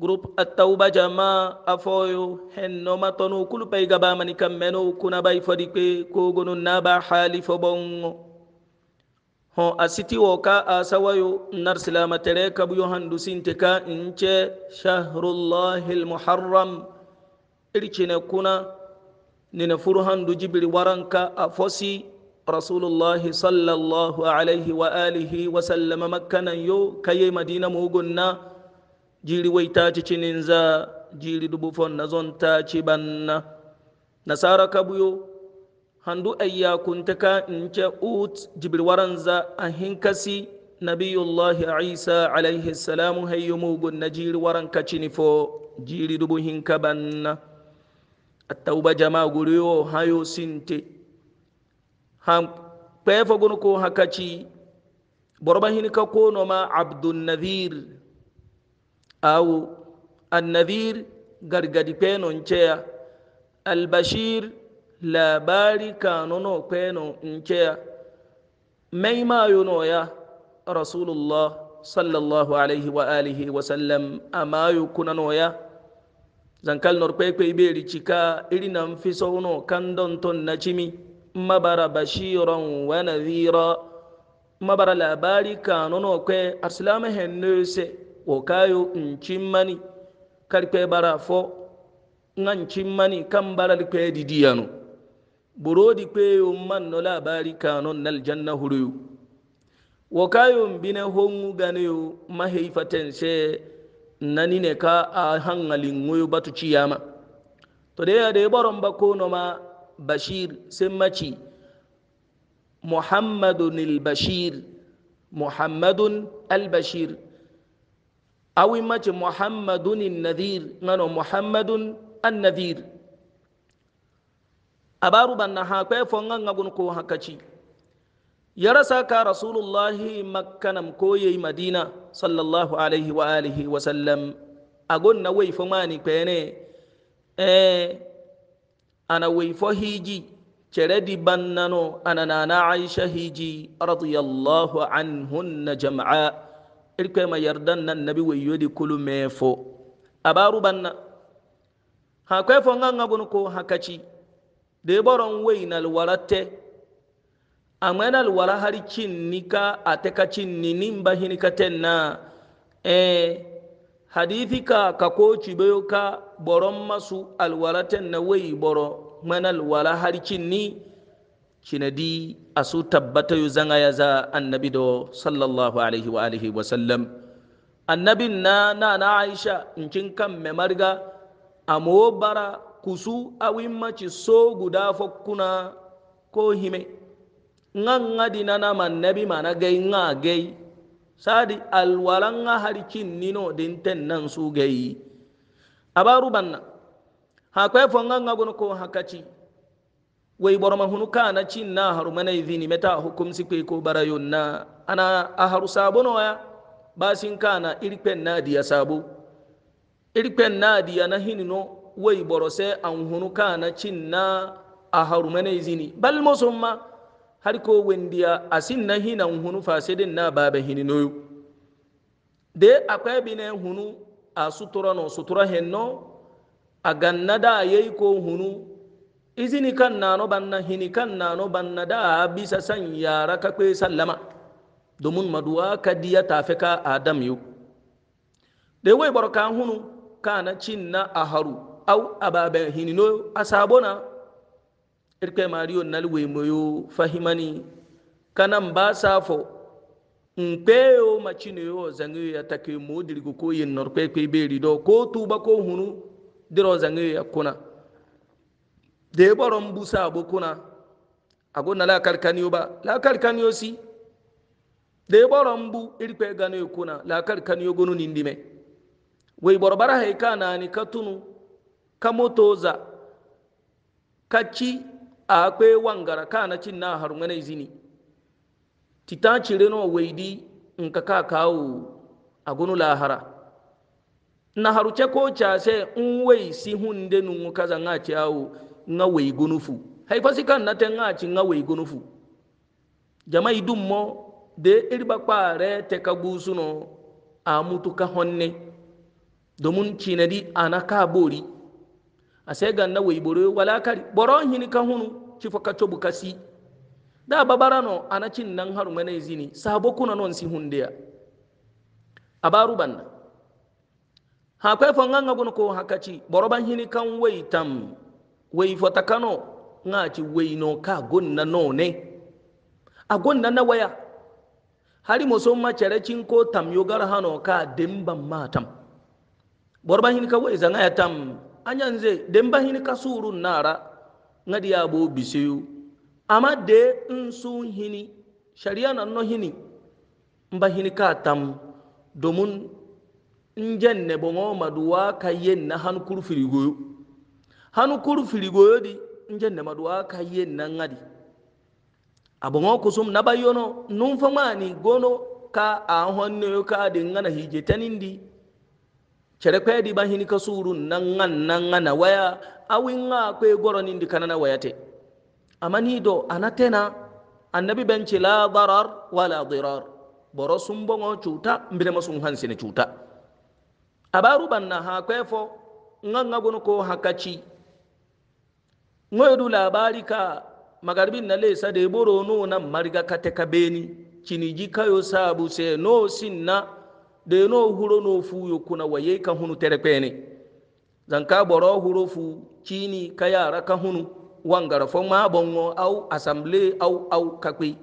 group at-tauba jama afoyo henno matonu kulu pay gaba mani kammeno kuna bay fodi pe kogonu naba hali bongo ho asiti woka asawayo nar silama tere kabu yo handu sinte ka ince shahrullahi kuna nina furu handu waranka afosi رسول الله صلى الله عليه وآله وسلم مكة يو كي مدينة موغنا jiri wai ta ci cinin za jiri dubu fon na zon ta ci banna nasara kabuyo handu ayya ta ka ce ut jibir za a hinkasi nabiyullahi isa alaihi salamu hayyu mugun na jiri waran ka cini fo jiri dubu hinka banna attauba jama guriyo hayo sinte Ha kpeefo gunu ko hakaci borba hinka ko no ma nadhir أو النذير غرغدي بينو نشيا البشير لا باري كانونو بينو نشيا ميما ينويا رسول الله صلى الله عليه وآله وسلم أما يكون نويا zankal nor kwekwe iberi chika ili na mfiso uno kandon ton na chimi mabara bashiran wa nadhira mabara labari kanono kwe arsilama hennese wo kayo nchimmani kali kwe bara fo nga nchimmani kam bara di kwe didiyano burodi kwe yo man no labari kanon nal janna huruyu wo kayo mbine hongu ganeyo maheifaten se nani ne ka a hangalin ngoyo batu ciyama to de ya de boron bakono ma bashir semmaci muhammadun al-bashir muhammadun al-bashir awi mace muhammadun nadir ngano muhammadun an nadir abaru banna ha kwe fonga ngagun ko hakaci yarasa ka rasulullahi makkanam koye madina sallallahu alaihi wa alihi wa sallam agon na wai fomani kwene eh ana wai fo hiji cere di bannano ana nana aisha hiji radiyallahu anhunna jam'a irkwe ma yardan nan nabi wayyodi kulu mefo abaru banna ha kwe fo nganga bunu ko hakaci de boron wainal waratte na wara hari cinnika ateka cinni nimba hinika tenna eh hadithi ka ka ko cibeyo ka boron masu alwaraten na wai boro manal wara har ni. cinadi asu tabbata yu zanga ya za annabi do sallallahu alaihi wa alihi wa sallam annabin na na na aisha in kin kan me marga bara kusu awin maci so guda fokkuna ko hime na nama annabi ma mana gai nga gai sadi alwalan nga harikin nino din ten nan su gai abaru banna hakwe fonga nga gono ko hakaci wey ma hunu na cin na haru mana izini meta hukum si kwe ko barayon na ana a haru sabo no ya ka na irpen na diya sabo irpen na diya na hinino boro borose an hunu na cin na a haru mana izini bal musumma har ko wendiya asin na hina hunu fasidin na baba hininoyo de akwai bine hunu a sutura no sutura henno a ganna da yayi ko hunu izini kan nano banna hini kan nano banna da bisa san yara ka kwe sallama domin maduwa ka diya tafi ka adam yu da wai barka hunu kana cin na aharu au ababen hini no asabona irke mariyo nalwe moyo fahimani kanan ba safo npeyo maciniyo zangiyo ya take mo dirgu ko yin norpe kwe beri do ko tuba ko hunu diro zangiyo ya kuna da ya baron busa abokuna a gona la karkaniyo ba la karkaniyo si da ya baron bu irpe gano ya kuna la karkaniyo gonu nindime wai barbar haika na ni ka tunu ka motoza ka ci a kwe wangara ka na cin na harunganai zini tita cire no waidi in ka ka kawo a gonu lahara na haruce ko case in wai si hunde nun kaza nga ciyawo nga wey gunufu hay fasi kan na te nga ci nga wey gunufu jamai dum mo de irba kpare te ka gusuno a ka honne domin cinadi ana ka bori a sai ga na wey boro wala kari boro hini ka hunu ci fa kasi da babarano ana cin nan haru mana izini sabo kuna non si hundiya abaru banna ha kwai fanga ngagun ko hakaci boroban hini kan waitam wei fota kano nga ci wei no ka gonna no ne a gonna na waya hari mo somma cere ko tam yogar hano ka demban matam borba hin ka wei zanga ya tam anyanze demba hin ka surun nara ngadi ya bo biseyu amma de sun hini shari'a nan no hini mba hini ka tam domin njen ne bongo maduwa ka yen na han kurfiri hanu kuru firigoyodi njende maduwa kaye na bayyano yi nabayono numfamani gono ka a yau ka di ngana hije tanindi hin ka bahini kasuru nangan ngana waya awinga kwe goro waya kanana amma ni do anatena annabi benci la darar wala dirar boro sun bongo cuta mbire hansi na cuta abaru banna ha kwefo nga gono ko hakaci ŋoyodu labari ka magarbin na lesa da iboro no na marga kateka ka beni ciniji kayo sabu se no na de no huro no fu kuna waye ka hunu tere zanka boro huro fu cini ka yara ka hunu wangara fo ma bongo au asamble au au kakwi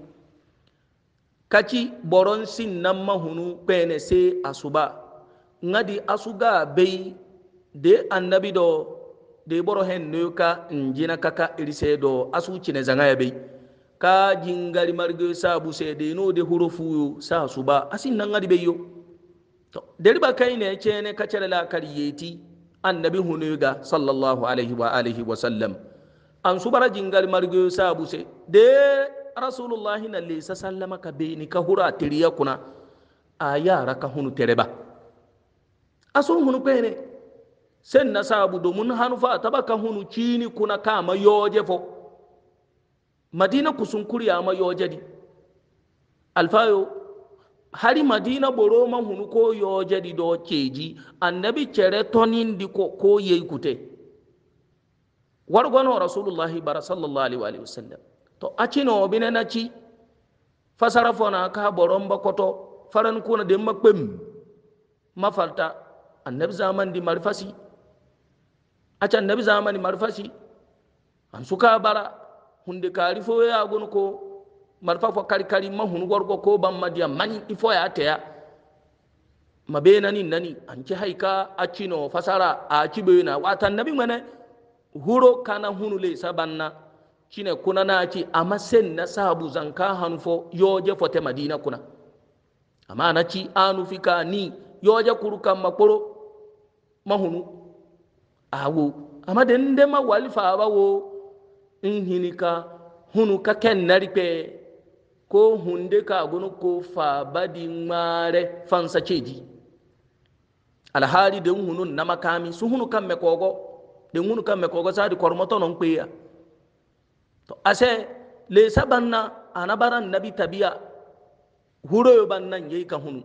kaci boron ma mahunu pene se asuba ngadi asuga bei de annabi do de boro hen nuka ka njina kaka irise do asu cine zanga ya bai ka jingari marge sabu se de no de hurufu sa suba asin nan de bai yo to ba kai ne cene kacala la kariyeti annabi hunuga sallallahu alaihi wa alihi wa sallam an subara jingal marge sabu se de rasulullahi na lesa sallama ka ni ka hura tiriya kuna a yara ka hunu tereba asun hunu ne. sen na sabu domin hanufa taba baka hunu cini kuna kama yoje fo madina kusun kuriya ma yoje di alfayo hari madina boro ma hunu ko yoje di do keji annabi cere tonin di ko ko yei kute wargono rasulullahi bara sallallahu alaihi wasallam to acino bine na ci fasara ka boron bakoto faran kuna de makpem mafalta annabi zaman di marfasi a can na bi zamani marfashi an suka bara hunde kari fo ya gun ko marfa fo kari kari ma hun gorgo ko ban madiya mani ifo ya teya mabe nani nani an ci haika a cino fasara a ci bayina wata nabi mana huro kana hunule sabanna cine kuna na ci amma sen na sabu zanka hanfo yoje fote madina kuna amma na ci anu fika ni yoje kurukan makoro mahunu awo amma da ma walfa bawo in hinika hunu ka ken narpe ko hunde ka gunu ko fa badi mare fansa ceji alhali da hunu na makami su hunu kan me kogo da hunu kan me kogo sadi kormoto non kweya to ase le sabanna anabaran nabi tabia, huro ban nan yayi ka hunu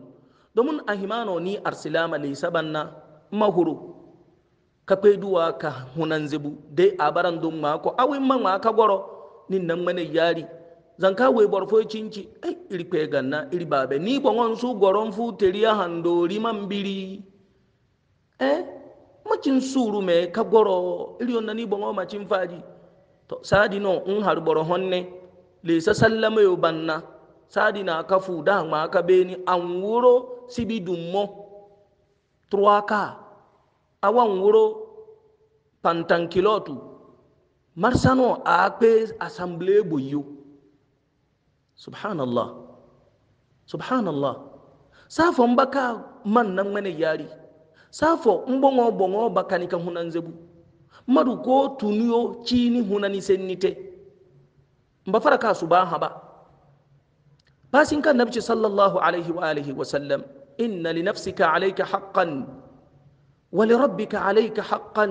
domin ahimano ni arsilama le sabanna mahuru ka peduwa ka hunan zebu dai a baran don ma ko awin man ma ka goro nin nan mane yari zan ka we borfo cinci ai iri pe ganna iri babe ni bon on su goron fu teriya handori man biri eh macin suru me ka goro iri on ni bon o macin faji to sadi no in har boro honne le sa sallama yo banna sadi na ka fu da ma ka beni an wuro sibi dummo trois awan wuro pantankilotu marsano a pe assemblée boyo subhanallah subhanallah safo mbaka man nan mane yari safo mbongo bongo bakani kan hunan zebu madu ko tuniyo chini hunani sennite mbafara ka subaha ba basin kan nabci sallallahu alaihi wa alihi wa sallam inna li nafsika alayka haqqan ولربك عليك حقا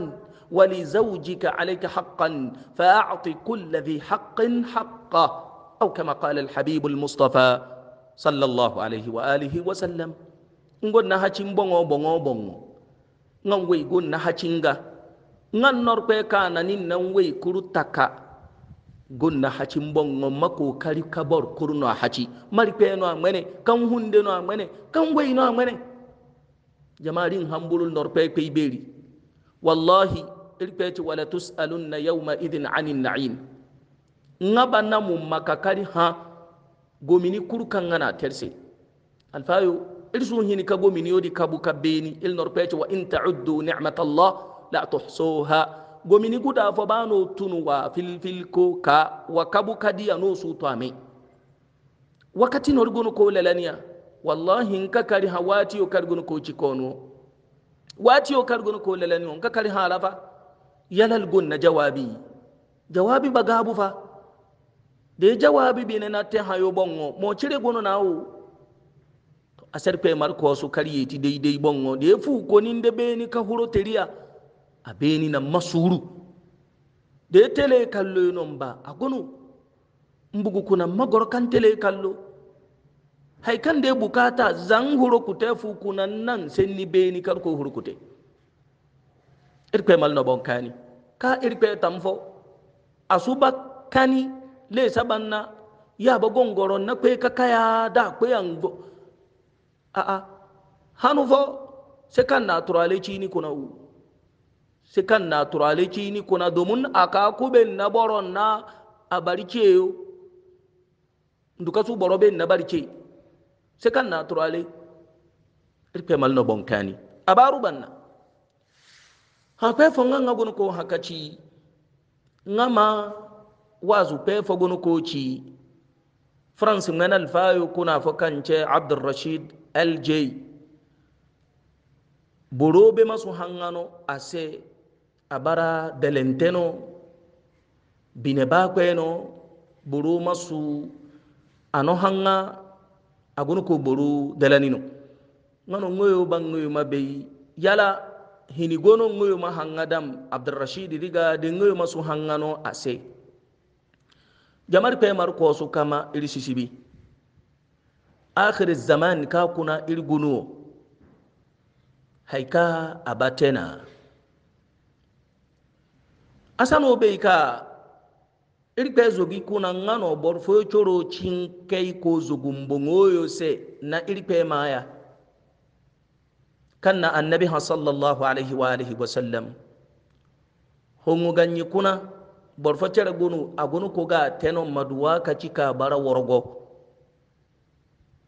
ولزوجك عليك حقا فأعط كل ذي حق حقه أو كما قال الحبيب المصطفى صلى الله عليه وآله وسلم ngon na hachin bongo bongo bongo ngan wei gon na hachinga ngan norpe kana nin nan wei kuru taka gon na hachin bongo mako kari kabor kuru no hachi mari pe no amene kan hunde no amene kan wei no amene jamarin hambulul norpe pe beri wallahi irpeti wala tusalunna yawma idin anin na'im ngaba na mu makakari ha gomini kurkan ngana terse alfayo irsu hini ka gomini yodi kabu ka beni il norpeti wa in ta'uddu ni'matallah la tuhsuha gomini guda fo bano tunu wa filfil ko ka wa kabu kadiya no su to ame wakati norgono ko lalaniya wallahi nka kari ha o kargun ko wati o kargun ko lalani ka kari ha rafa yalal gun na jawabi jawabi bagabu fa de jawabi ne na te yo bongo mo cire gono nawo a mar ko su yiti ti dai bongo de fu fuko nin da ni ka huro teriya a ni na masuru de tele kallo non ba agunu gunu mbugu kuna magor kan tele kallo haikan kan ya bukata zan hurukute fu kunan nan sai ni be ni karko hurukute irkwe mal no bon kani ka irkwe tamfo asuba kani le sabanna ya ba gongoron na kwe kakaya da kwe ango a a hanu fo se kan naturale ni kuna u se kan naturale ni kuna domin aka kuben na boron na abarice yo nduka su boro ben na barice se kan na turale irpe mal no bonkani abaru banna ha nga fonga ngagun ko nga ma wazu pe fogun ko ci france ngan alfayo kuna fo kance abdul rashid lj borobe masu hangano ase abara delenteno bine bakweno boro masu ano hanga agunu ko boru dalaninu ngano ngoyo bangoyo mabei yala hini gono ngoyo ma hangadam abdurrashid diga de ngoyo masu hangano ase jamar pe mar ko su kama iri sisibi akhir zaman ka kuna iri gunuo haika abatena asano bei irkpe zogi kuna ngano bor fo choro chinkai ko zugumbo ngoyo se na irkpe maya kanna annabi ha sallallahu alaihi wa alihi wa sallam hongu ganyi kuna bor fo tere gunu agunu ko ga teno maduwa kaci ka bara worgo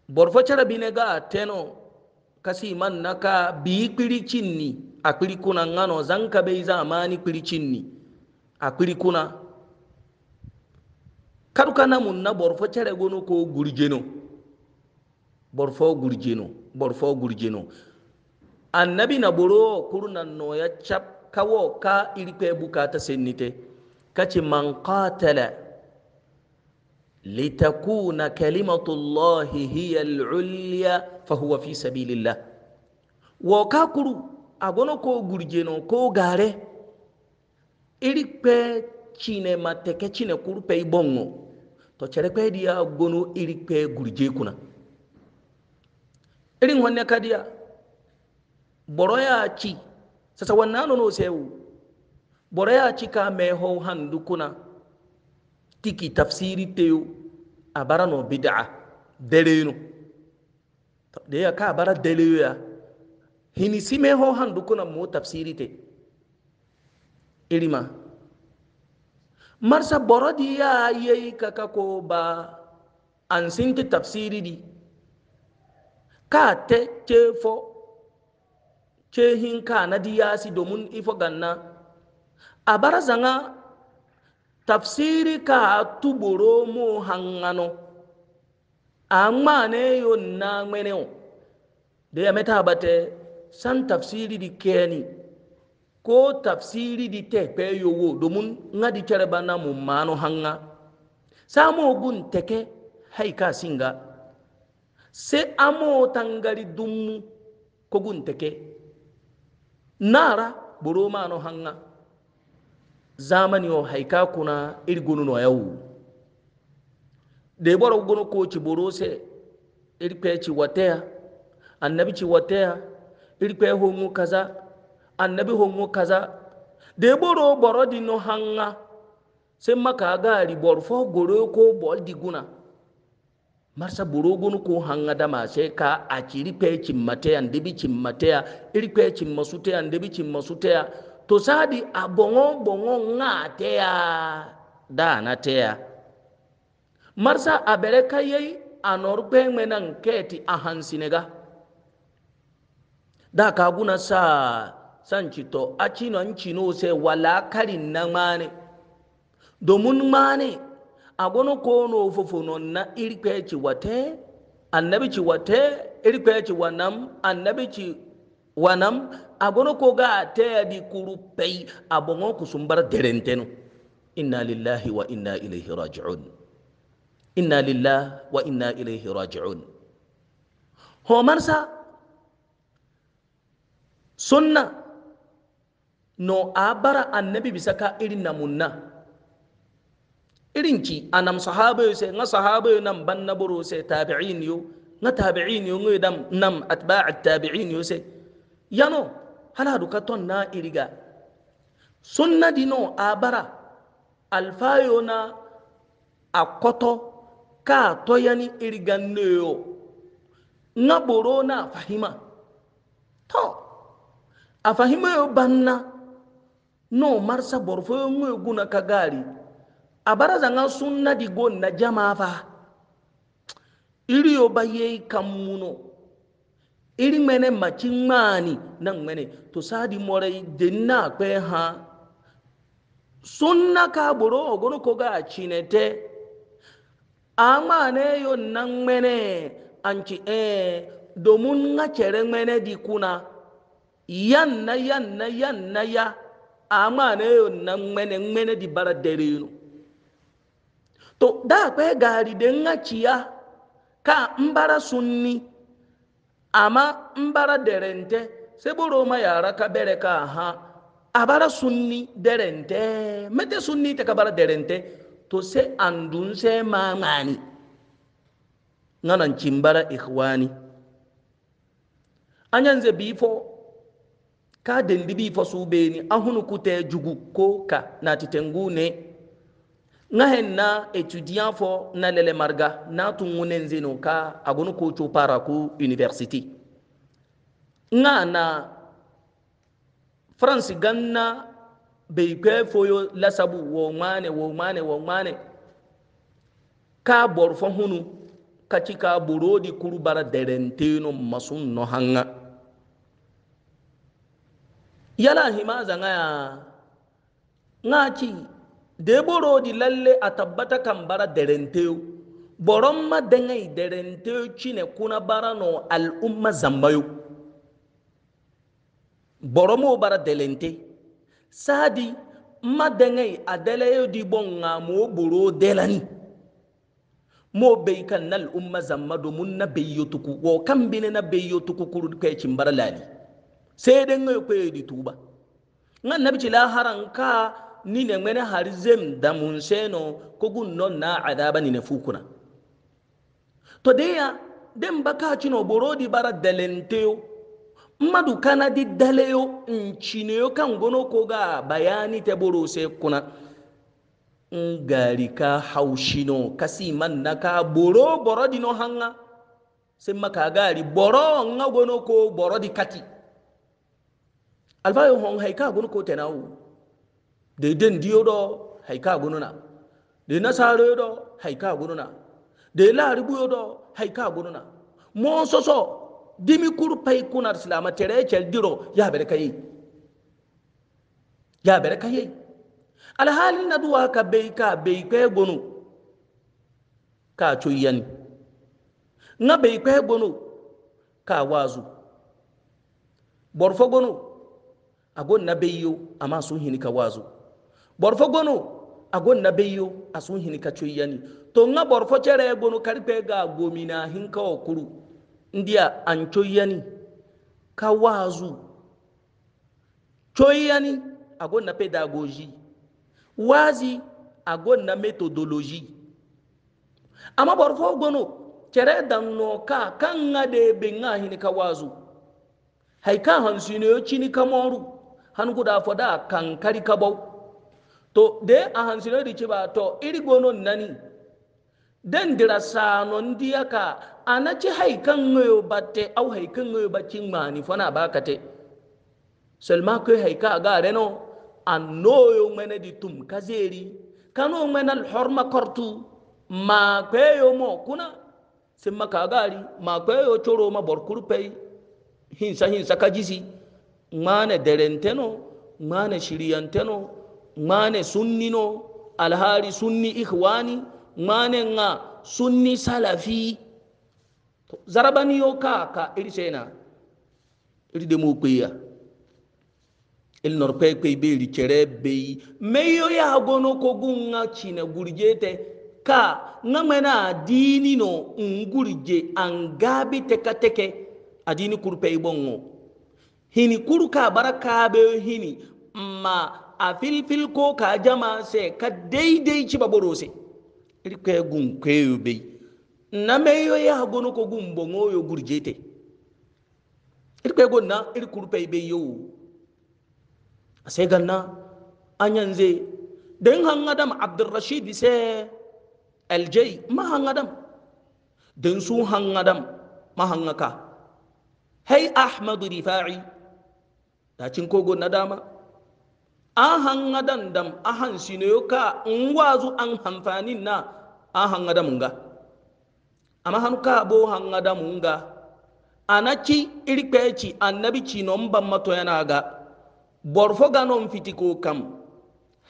bor fo tere bine ga teno kasi man naka bi chinni a kuna ngano zanka amani zamani chinni a kuna kadu kana borfo cere gono ko gurjeno borfo gurjeno borfo gurjeno annabi na buro kurnan no ya cap kawo ka irpe bukata sennite kace man qatala litakuna kalimatu llahi hiya alulya fahuwa fi sabilillah wo ka kuru agono ko gurjeno ko gare irpe cine mateke cine kurpe ibongo to cere kwe ya gono iri kwe gurje kuna irin wanne ya boro ya ci sasa wannan nono sewu boro ya chi ka mai hau handu kuna tiki tafsiri teyo a bara no bid'a dare no da ya ka abara dere ya hini si mai hau handu kuna mo tafsiri te irima marsa borodi ya yei kaka ko ba an sinti tafsiri di ka te ke fo ke hin ka na di yasi domin ifo ganna a bara zanga tafsiri ka tuburo mu hangano a ngmane yo na ngmene o de ya meta bate san tafsiri di keni ni ko tafsiri di tepe yowo domin nga di kere bana mu mano hanga samo gun teke haika singa se amo tangari dummu ko gun teke nara boro mano hanga zamani o haika kuna irgunu no yawu de boro gunu ko ci buru se irpe ci watea annabi ci watea irpe homu kaza annabi hongo kaza de boro boro di no hanga sai maka gari bor fo goro ko bol di guna marsa boro gunu ko hanga da ma sai ka a kiri pe cin mateya ndibi cin ya iri pe cin masuteya ndibi cin ya to sadi a bongo bongo nga ya, da na ya. marsa a kayi anor a menan keti a sinega da ka guna sa San to a cinon cino sai wala karin na mane domin mane a gwani kono fufunon na irkwe wate annabi ci wate irkwe ci wannan annabi ci wannan a gwani ko ga ta yadi kuru abin ku sun bar derentenu inna lillahi wa inna ilaihi raji'un inna lillahi wa inna ilaihi raji'un homarsa sunna no abara annabi bisaka irin namunna irin ki anam sahaba yo sai nga sahaba yo nam banna buru sai tabi'in yo nga tabi'in yo ngi dam nam atba'a tabi'in yo sai yano hala du katon na iriga sunna dino abara alfayona na akoto ka toyani iriga neyo nga na fahima to afahima yo banna no marsa borfo ngoy guna kagari abara zanga sunna di gonna jama fa iriyo baye muno iri mene machi ngmani na mene to sadi more denna kwe ha sunna ka boro ogono ko ga chinete amane yo na mene anchi e domun nga chere mene di kuna yanna yanna yanna ya, na, ya, na, ya. ama ne yo na mene di bara dereno to da kwe gari de ŋa ka mbara sunni ama mbara derente buru ma yara ka bere ka ha abara sunni derente mete sunni te ka bara derente to se andun se mamani ŋanan cimbara ihwani anyanze bifo ka dendi bi fo su beni ahunu kute jugu ko ka na ne nga hen na etudiant fo na lele marga na tungunen zeno ka agunu ko cho para ku university nga na france ganna bai kwe foyo lasabu wo mane wo mane wo mane ka fo hunu ka cika burodi kurubara derenteno masun no hanga yana hima zangaya ngaki de boro di lalle a tabbata kan bara derenteu boron ma dangai derenteu cine kuna bara no al'umma zambayo m'o bara delente sadi ma dangai a dalayo di nga mo boro delani mo bai kan al'umma zamma domin na bayyotuku wo kan bine na bayyotuku kuru kai cimbara lali sai dai ngai ko yi tuba ngan nabi ci laharan ka ni ne mene har da mun seno ko gun non na adaba ni ne fukuna to de ya den baka ci no borodi bara dalenteo madu kana di daleyo yo kan gono ko ga bayani te boro se kuna gari ka haushino kasi man na ka boro borodi no hanga sai maka gari boro ngagono ko borodi kati alfayo hon haika gunu ko tenawu de den diyo do haika gunu na de nasaro do haika gunu na de laribu do haika gunu na mo soso dimi kur pay kunar silama tere chel diro ya bere kayi ya bere kayi alhali na duwa ka bai ka bai kwe gunu ka cuyyani na bai kwe gunu ka wazu borfo gunu agon na bayyo amma sun hini ka wazo borfo gono agon na bayyo a sun hini ka coyyani to nga borfo cere gono karfe ga gomina hin kawo kuru ndiya an coyyani ka wazo coyyani agon na Pedagogi wazi agon na metodologi amma borfo gono cere danno ka kan nga de be nga hini ka wazo hay ka hansino yo chini kamoru han guda foda kan kari kabau to de a hansino di ciba to iri gono nani den dira sano ndiya ka anaci haikan ngoyo batte au haikan ngoyo bacin mani fona te selma ko haika ga reno yo mene di tum kazeri kano mene al hurma kortu ma kweyo mo kuna simma kagari ma kweyo choro ma borkurpei hinsa hinsa kajisi mana darenteno ŋmane shiriyanteno ŋmane sunnino alhari sunni ikhwani ŋmane ŋa sunni salafi y'o ka ka iri sena iri demu kpeya iri norpe kwe be iri kere beyi meyo ya gono kogu ŋa china gurijete ka ŋa ŋmene adini no ngurije angabi teke adini kurpe ibongo hini kurka barka be hini ma a filfil ko ka jama se ka daidai ci baboro se irke gun kweyo be na meyo ya gono ko gun bongo yo gurjete irke gonna irkur pe be yo sai ganna yan zai den han adam abdul rashid se aljai ma han adam den su han adam ma han ka hey ahmadu rifai dacin kogo na dama an hanga dan dam a hansi ne ka in wazu an hamfani na an hanga damun ga amma hannu ka bo hanga damun ga anaki irkpeci annabi ci non ban mato yana ga borfo ga non fiti ko kam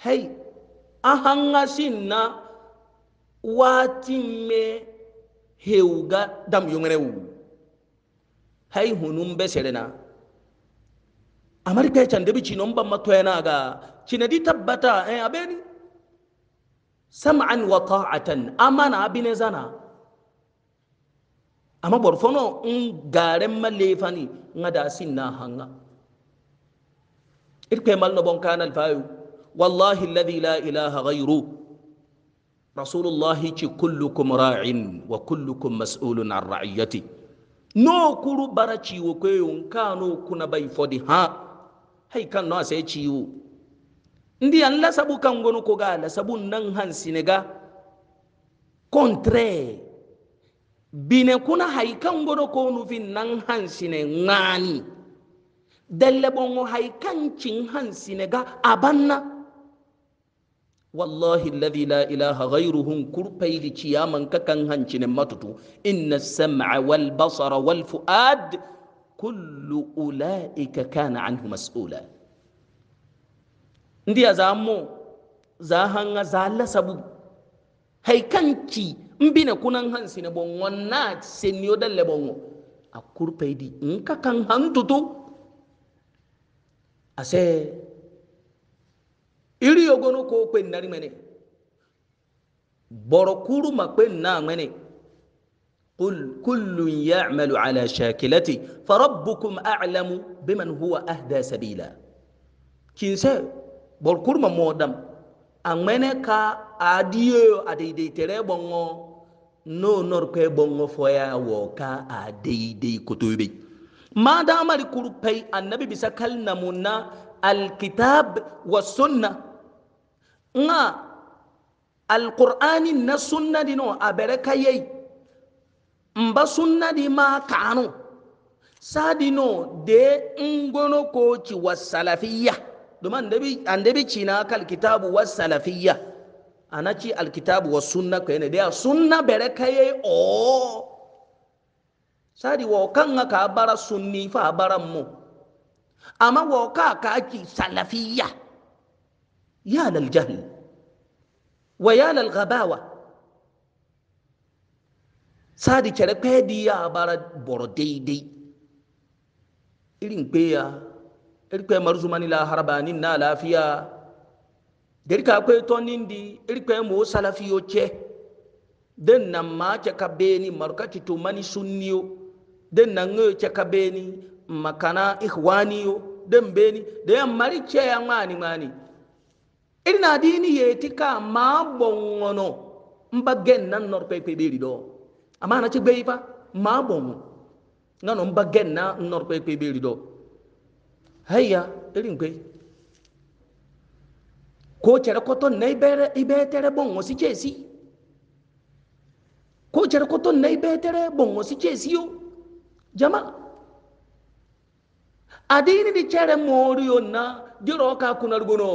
hey an na watin me hewga dam yungerewu hay hunun besere na amerika e cande ɓe cinon ɓamma toyanaga cina di tabbata e aɓeni sam'an wa ta'atan amana abine zana amma borfono fono n garen malefani nga da sinna hanga irke mal no bon kana alfayu wallahi alladhi la ilaha ghayru rasulullah ci kullukum ra'in wa kullukum mas'ulun an ra'iyati no kuru bara ciwo kwe yonkano kuna bai fodi hay kan no sai ciwo ndi an la sabu kan gonu ko ga la sabu nan han sinega contre bine kuna hay kan gonu ko nu fin nan han sine ngani dalle bongo hay kan cin han sinega abanna wallahi alladhi la ilaha ghayruhum kurpaydi ciyaman kakan hancine matutu inna sama wal basara wal fuad kullu ulaika kana anhu mas'ula ndiya zamo za hanga za la sabu haikanki mbina kunan hansi na bon wonna senyo dalle bongo a in nka kan hantutu ase iri yogono ko pe nari mene borokuru ma kwen na mene قل كل يعمل على شاكلتي فربكم أعلم بمن هو أهدى سبيلا كنسى بالكرم مودم أمنا كا أديو أديدي تري بونغو نو كي بونغو فويا وكا أديدي كتوبي ما دام لكربي النبي بسكال نمونا الكتاب والسنة نعم، القرآن alqur'ani na sunna dino mba sunna di ma kanu sadino de ngono ko ci wasalafiyya domin debi andabi ci na kal kitabu wasalafiyya al alkitabu wa sunna ko ene de sunna bere kaye o sadi wo kan ka bara sunni fa bara mu amma wo ka ka ci salafiyya ya lal jahl wa ya lal ghabawa sadi kere kwe diya bara boro daidai irin kweya iri kwe marzumani la harabanin na lafiya dari ka kwe tonin di iri kwe mo salafiyo ce den na ma ce ka beni markaci to mani sunniyo den na ngayo ce ka beni makana ihwaniyo den beni da mari ce ya ngani ngani iri na dini yeti ka ma bongono mba gen nan nor kwe kwe beri do amma na ci gbei fa ma bomu ngano mba gen na nor kwe kwe beri do hayya irin kwe ko cere koton na ibere ibetere bongo si chesi ko cere koton na tere bongo si chesi yo jama adini di cere mori yo na diro ka kunar gono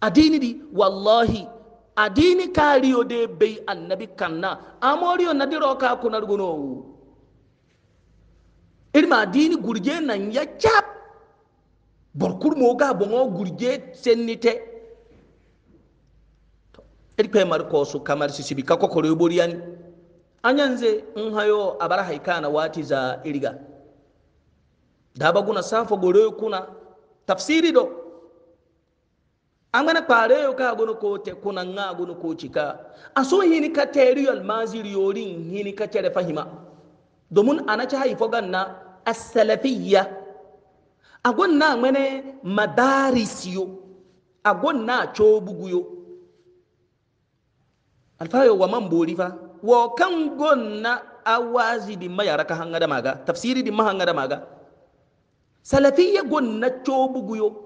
adini di wallahi adini kaliyo de bei annabi kanna amoriyo nadiro ka kunar gunowu irma adini gurje nan ya cap borkur mo bongo gurje sennite iri kwe mar ko su kamar sisibi ka kokoro yani anyanze in hayo abara haikana wati za iriga daba guna safo gore kuna tafsiri do angana pareyo ka gono ko te kuna nga gono ko chika aso hini ka teri al maziri yori hini ka tere fahima domin anacha ifo ganna as-salafiyya agon na mene madarisiyo agon na chobuguyo alfayo wa man borifa wo kan gonna awazi di mayara ka hanga da maga tafsiri di da maga salafiyya gonna chobuguyo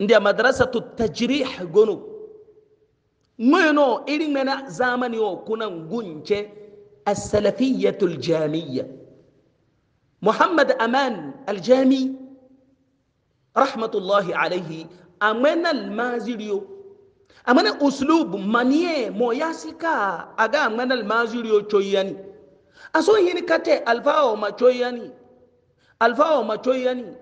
ndia madrasatu tajrih gonu mweno ili mena zamani wo kuna ngunche السلفية الجامية محمد أمان الجامي رحمة الله عليه أمان المازليو أمان أسلوب منيه موياسكا أغا أمان المازليو تشوياني أسو هيني كاتي ألفاو ما تشوياني ألفاو ما تشوياني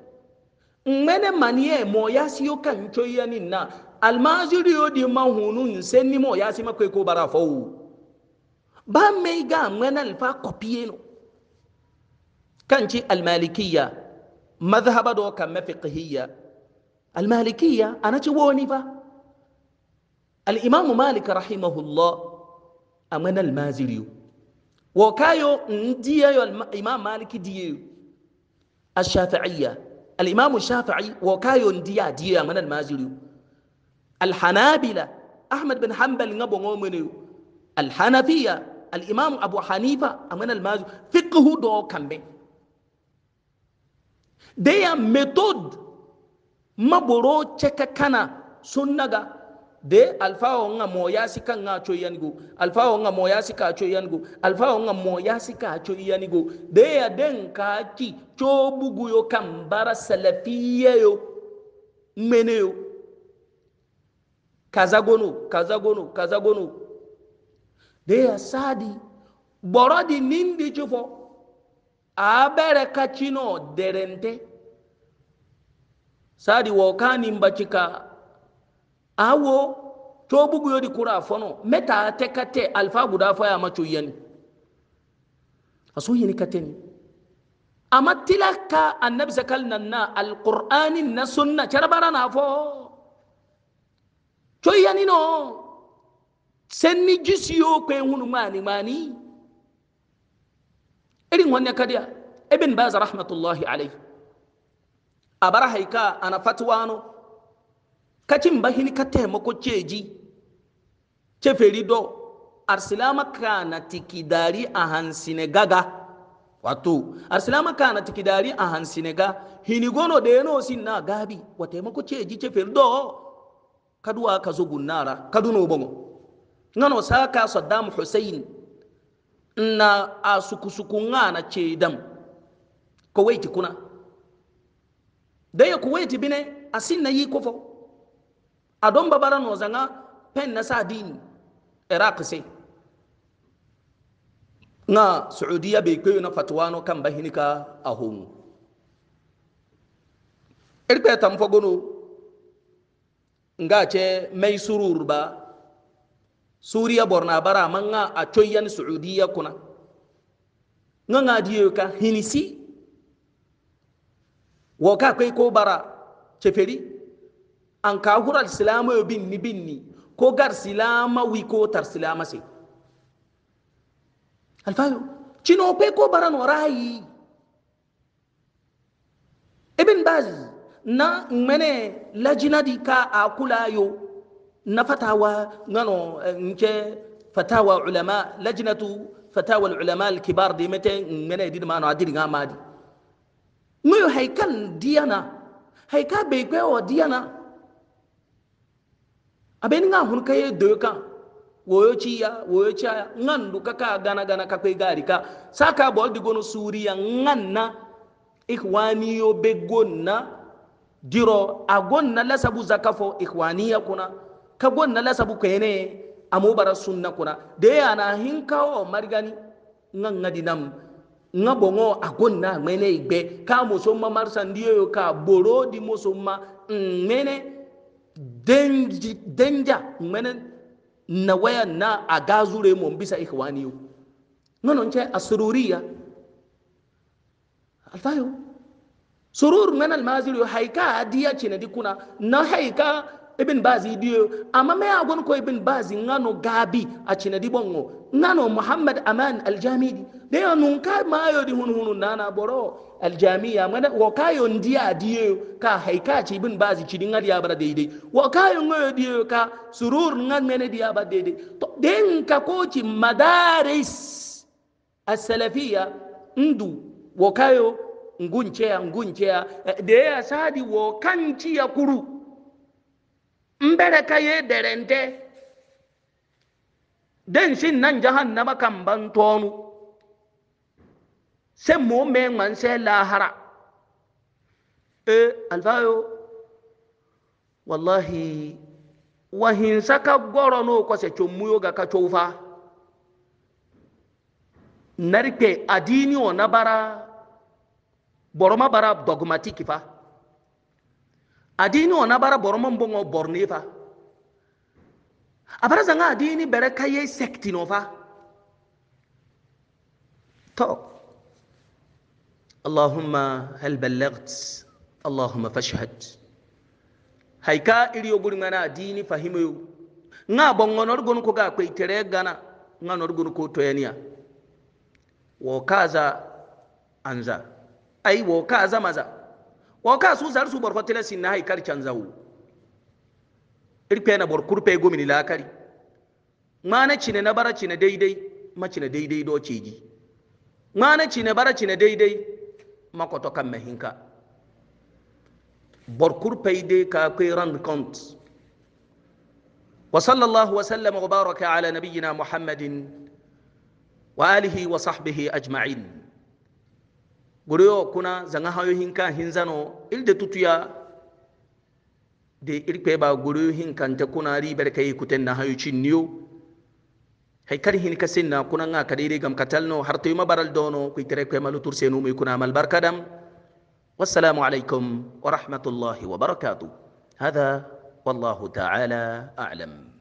ngmene maniye mo yasi yo kan choya ni na almaziri yo di ma hụnụ mahunu nsenni mo si makwe ko bara fo ba mai ga ngmene alfa kopiye no kanci almalikiya madhhaba do kan mafiqhiyya almalikiya ana ci woni fa الإمام مالك رحمه الله أمن المازري وكايو ديا الإمام مالك ديو الشافعية الإمام الشافعي وكايون ديا ديا من المازري الحنابلة أحمد بن حنبل نبو مومنيو الحنفية الإمام أبو حنيفة من المازري فقه دو كمبي ديا ميثود مبرو تشكا كنا سنغا de alfawo nga moya sika nga cho yanigo alfawo nga moya sika cho yanigo alfawo nga moya sika cho yanigo de ya den ka ki cho bugu yo bara salafiye yo mene yo gono kaza gono de ya sadi boro di nindi chufo abere kachino derente sadi wokani mbachika awo to bugu yodi kura fono meta te kate alfa guda fa ya macho yani aso yini kateni amma tilaka annabi sakal nanna alqur'ani na sunna charabara na fo to yani no senni jisiyo kwe hunu mani mani eri wannan kadia ibn baz rahmatullahi alayhi abara haika ana fatwano kati mbahini katemako cheji cheferido arsilama kana tikidari ahansine gaga watu arsilama kana tikidari ahansine hini gono deno sinna gabi watemako cheji cheferido kaduwa kazogunnara kaduno bongo ngano saka saddam hussein na asukusuku ngana chedam kuwaiti kuna daya kuwaiti bine asinna yi kofo adon babara no zanga pen na sa dini iraq sai na saudiya bai kai na fatuwa no kan bahinika a homu irpe tamfa gano. nga ce mai surur ba suriya borna bara manga a coyyan saudiya kuna nga nga diyo ka hinisi wo ka kai ko bara ceferi an ka hural silama yo binni binni ko gar silama wi ko tar silama se alfayo cino pe ko barano rayi ibn baz na mene lajina di ka akula yo na fatawa ngano nke fatawa ulama lajnatu fatawa ulama al-kibar di mete mene di ma no adiri ngamadi ngoyo haikal diana haika be ko diana abeni nga hun kaye do ka woyo ci ya woyo ci ya ngandu ka ka gana gana ka kai gari ka saka bol di gono suriya nganna ikhwani yo be gonna diro agon na lasabu zakafo ikhwani ya kuna ka gonna lasabu kene amu bara sunna kuna de ya na hin kawo margani nganga dinam nga bongo agon na mene igbe ka muso ma marsa ndiyo ka boro di muso ma mene mm, denja mene na waya na a gazure mu bisa ikhwaniyo nono nche asururiya alfayo surur mene almaziri haika adiya chine dikuna na haika ibn bazi diyo amma me agon ko ibn bazi ngano gabi a di bongo ngano muhammad aman aljamidi de onun ka mayo di hunu hunu nana boro aljamiya mana wo kayo ndiya diyo ka haika ci ibn bazi ci dinga diya bara daidai wo kayo ngoyo diyo ka surur ngan mene diya bara daidai to den ka ko ci madaris as-salafiyya ndu wo kayo ngunceya ngunceya da ya sadi wo kan ya kuru mbere ka ya edere nde den si nan jahannama kan ban tonu sai mu me ngwan lahara e alfayo wallahi wahin saka goro no ko se ga ka chofa narke adini o nabara boroma bara dogmatic fa adini ona bara boromon bongo borne fa abara zanga adini bere kaye sekti no fa to allahumma hal ballagt allahumma fashhad haika iri ogurin mana adini fahimu yo nga bongo norgon ko ga kwai tere gana nga norgon ko toyaniya wo kaza anza ai wo kaza maza wanka su zar su barfati la sinna hay kar canzawu irpe na bor kurpe gumi la kari mana cine na bara cine daidai ma cine daidai do ceji mana cine bara cine daidai ma koto kan mahinka bor kurpe dai ka kai rand compte وصلى الله وسلم وبارك على نبينا محمد واله وصحبه اجمعين goriyo kuna zanga hayo hinka hinzano ilde tutuya de irkwe ba goriyo nte kuna ribar kai kuten na hayo cin niyo hay kar sinna kuna nga kadiri gam katalno har yuma mabaral dono tere kwe malu turse no yukuna kuna barkadam wassalamu alaikum wa rahmatullahi wa barakatuh هذا والله تعالى أعلم